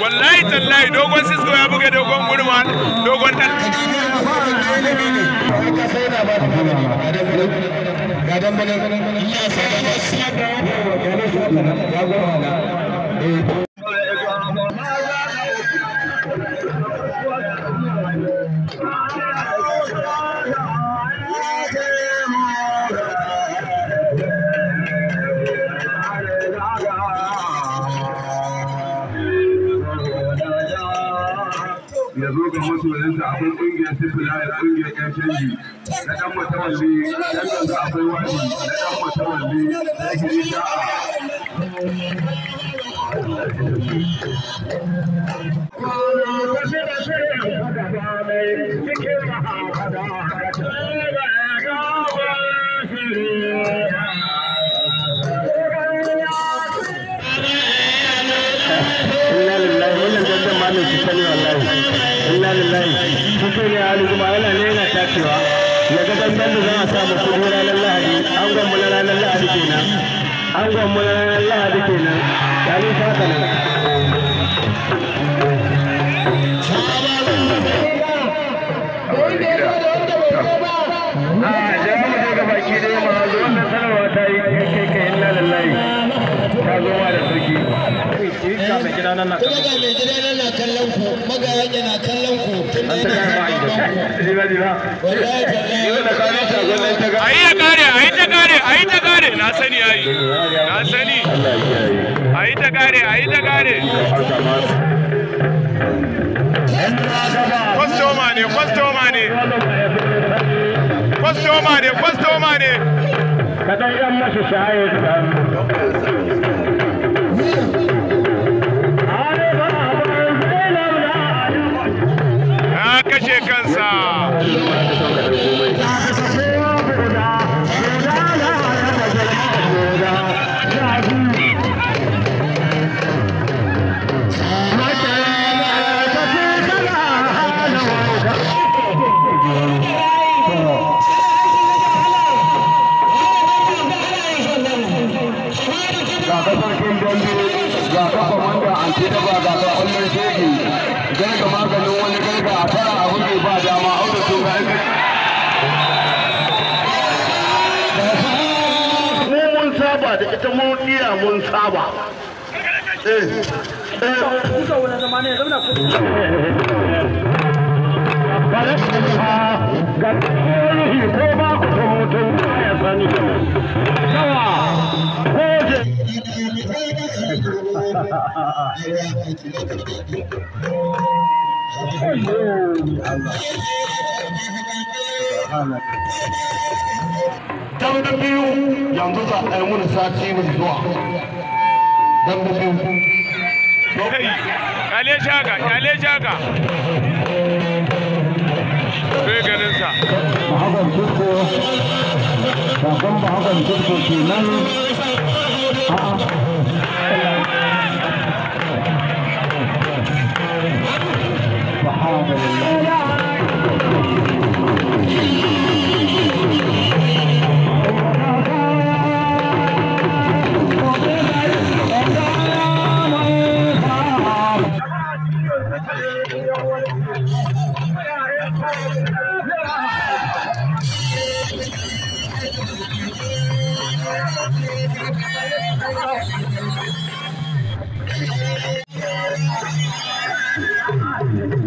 wallahi tallahi dogon sisko ya buga dogon gurma dogon dal Thank you. cikin sa akwai ƙungiyar sifila da ƙungiyar ƴan canji na ɗan matawalli ɗan ganga akwai wani na ɗan matawalli na gini sha'a. ki sani wallahi illa lillahi fito ne ali kuma yana ne yana tacewa ya ga dan da za a samu kudi ranar lahadi an gwamu na ranar lahadi kenan an gwamu na ranar lahadi kenan ya ni fata nan ja ba ayi kare ayi ta kare ayi ta kare na sani ayi na sani ayi ta kare ayi ta kare kwastoma ne kwastoma kwastoma ne kwastoma ne ka kashe kansa ga dambe ga ka an daba ga ka kwallon shege maganin wani garga a tara ba dama auto sun ga aiki mun saba da ita mun iya mun saba eh ga ko ku ya Dam da biyu yanzu za a yi sati mai zuwa. Dam da biyu. Kai, shaga, kyale shaga. Kai ganin sa. ba hakan bahagon Turko kenan. Oh. Thank you.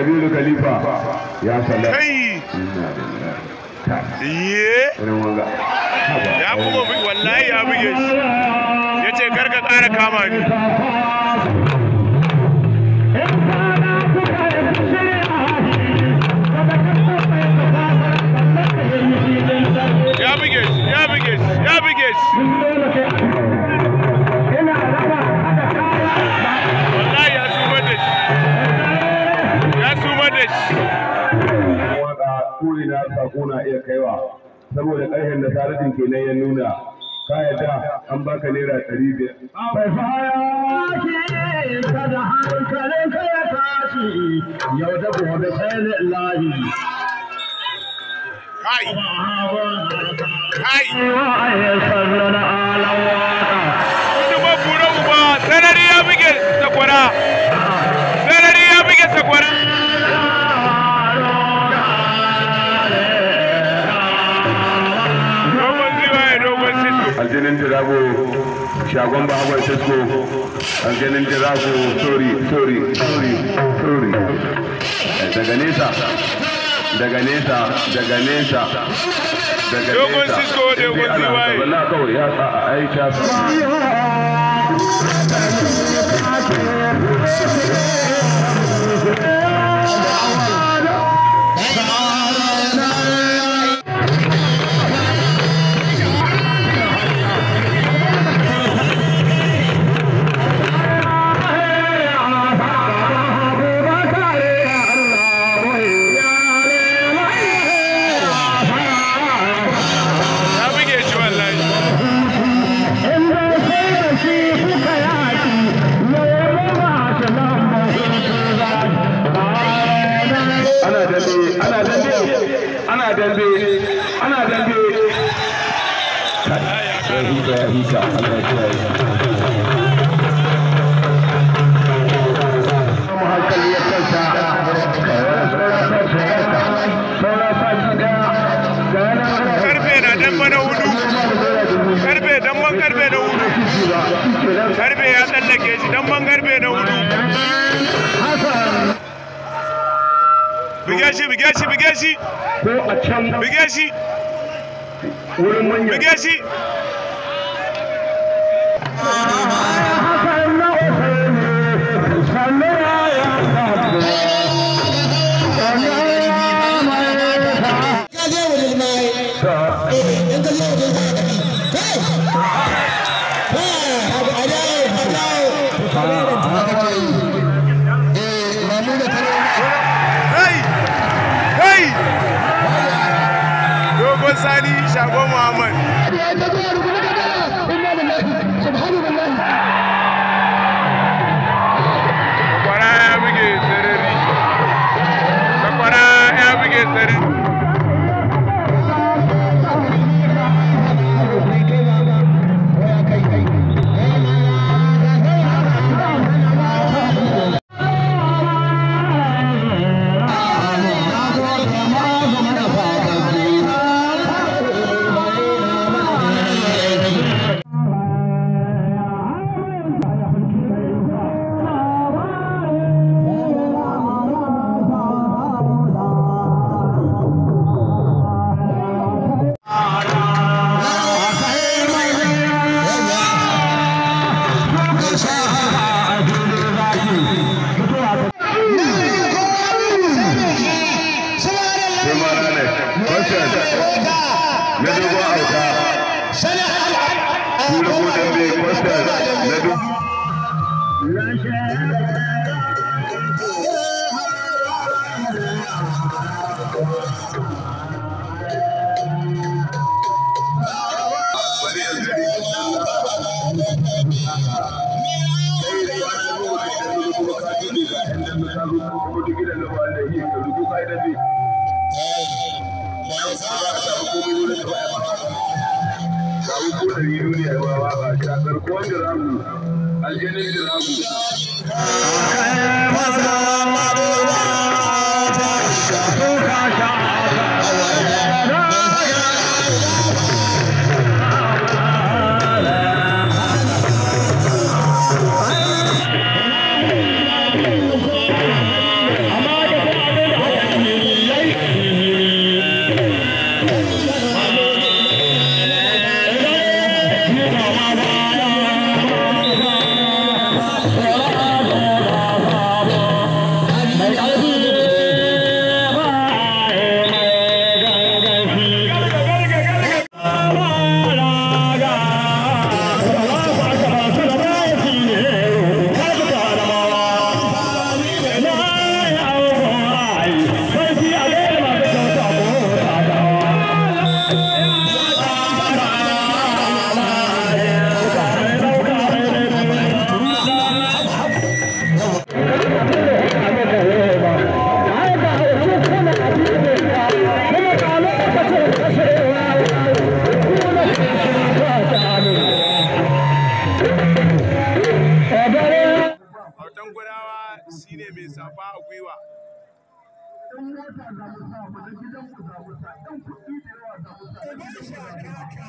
kabiru kalifa ya salam inna lillahi ya bugo wallahi ya buge shi yace karka kara kama ni Ya biggest, ya sako na iya kaiwa saboda ƙarfin da ke kenan ya nuna ka yadda an baka naira ɗari biyar. Bai fara ki kada hankalin ka ya tashi yau da gobe sai lillahi. Kai! Kai! na Wani mabura uba sanari ya buge sakwara. Sanari ya buge sakwara. dirago shagon ba a cisco aljanin dirago sorry sorry sorry sorry daga nesa daga nesa daga nesa daga nesa a aika shi buge Sani shagon Muhammad. kayan da ta zo ko kuma duk gidan ka rubu da bi bayan ka ta ɗan mota za mu sa mu gidan ku za mu sa ɗan kuɗi da yawa za mu sa. Ku ba shi a kaka.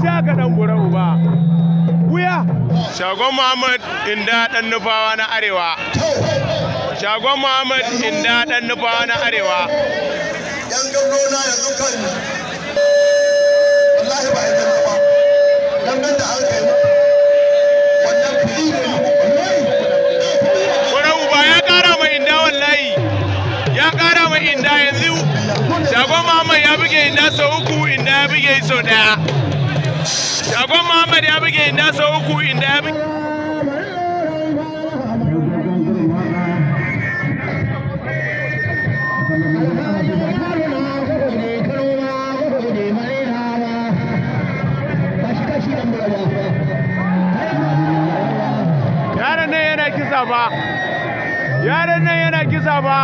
dan wuya shagon muhammad inda ɗan nufawa na arewa shagon muhammad inda ɗan nufawa na arewa yan gabro na yanzu kan Allahi ba idan ba dan da an kai wannan fili gura ya kara inda ya kara mai inda yanzu shagon muhammad ya buge inda sau uku inda ya buge sau daya Shagon Muhammad ya buge inda sau uku inda ya buge. Yaran nan yana kisa ba. Yaran nan yana kisa ba.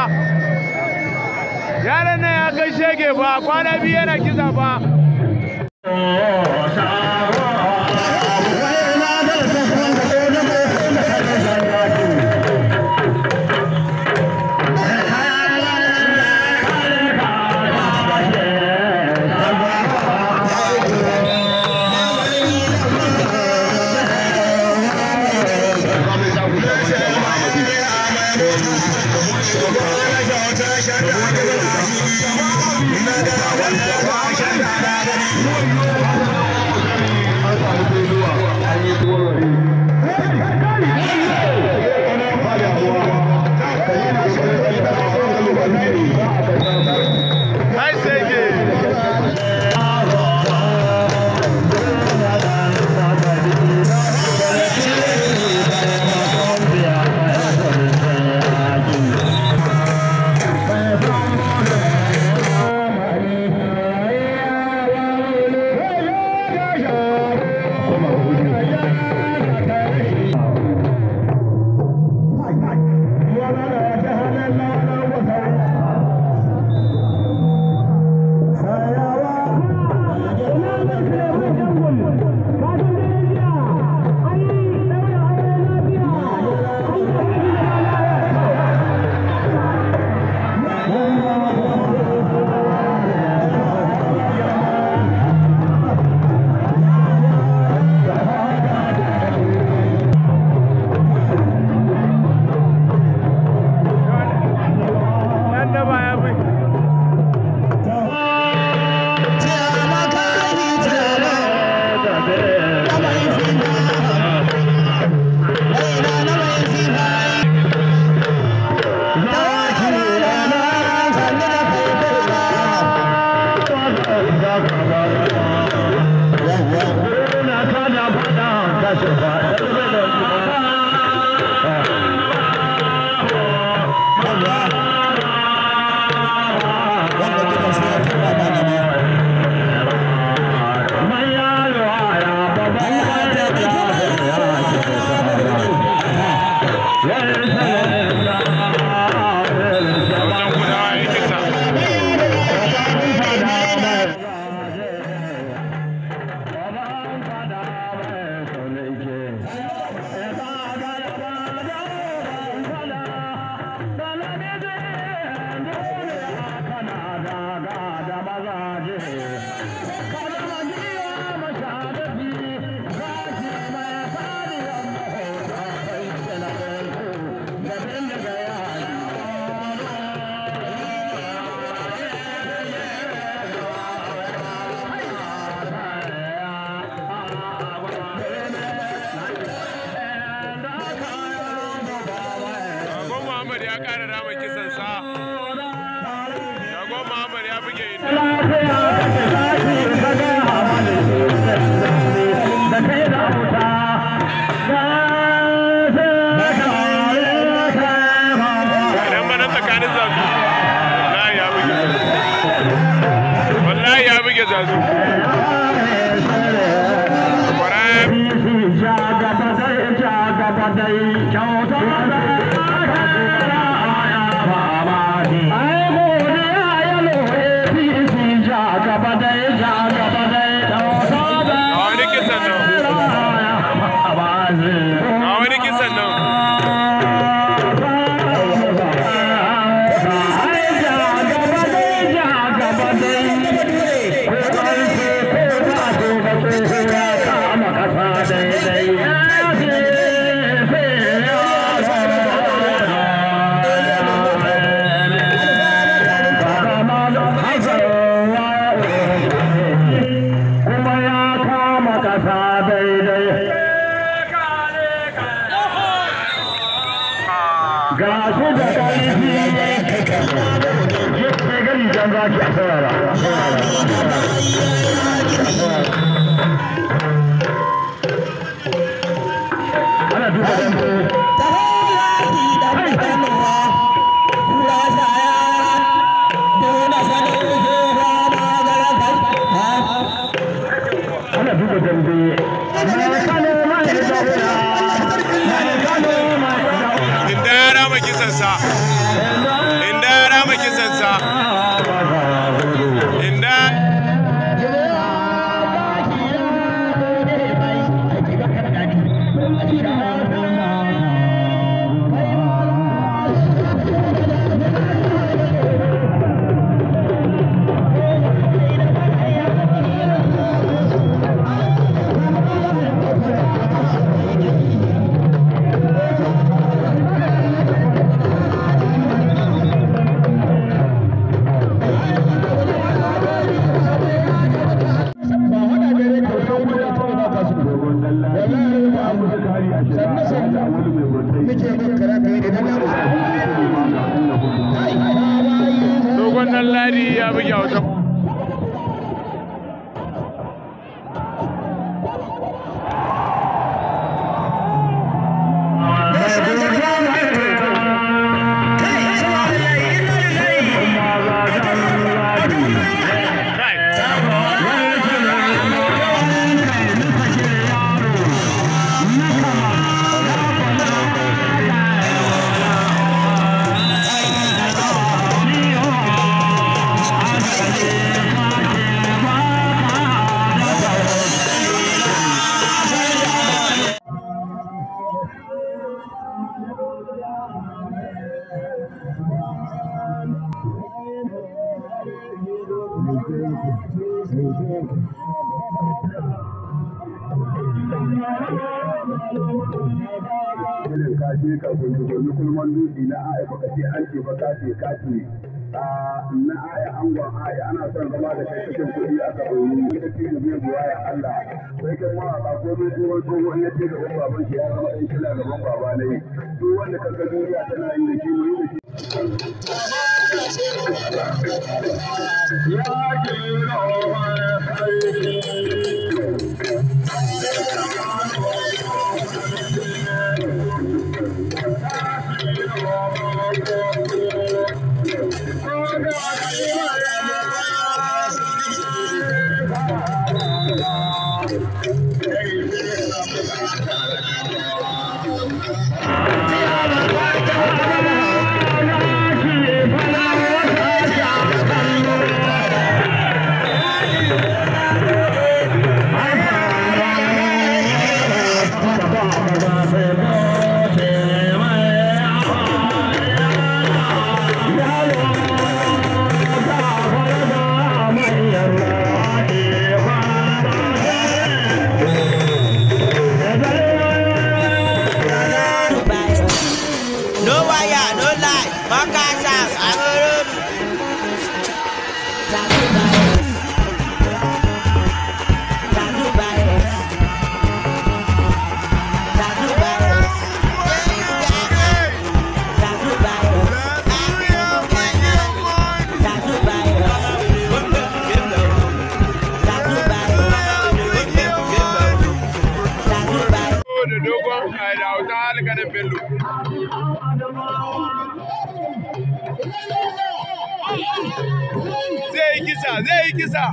Yaran nan ya kai shege ba, kwana biyu yana kisa ba. S whichever Salam. ka gundugundu kulman dutse na aya baka ce an ce baka ce ka ce a na aya an gwan aya ana son zama da kashin kuɗi a kaɓoyi ita ce da zai buwa ya Allah sai kan ma ba ko mai ko tsohon ya ce gaban baban shi ya zama ɗan shila gaban baba na yi duk wanda ka ga duniya tana yin da shi mu da shi. Ya ke na wa ya dogon da zai yi kisa zai yi kisa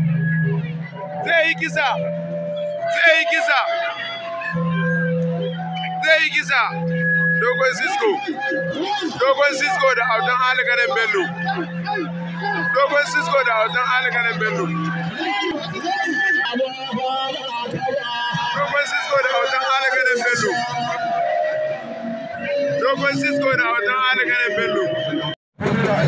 zai yi kisa zai yi kisa zai kisa dogon da hautan alkanin bello dogon cisco da hautan alkanin bello dogon sisko na wajen algarin bello na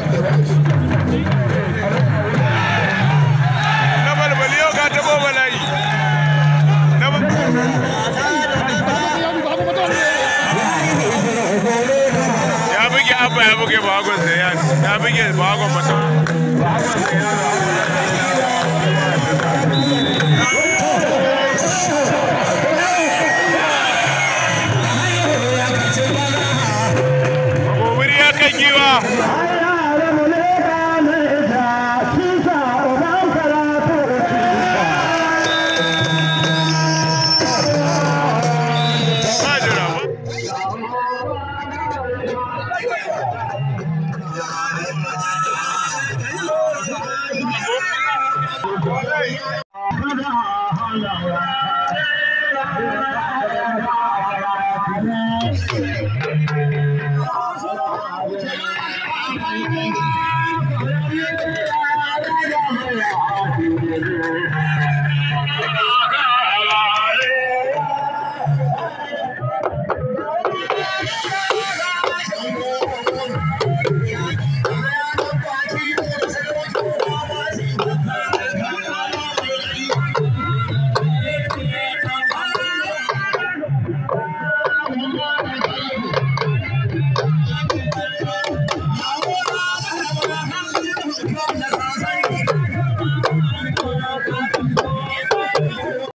ya buge abba ya buge bagon zayan ya buge bagon mutum bagon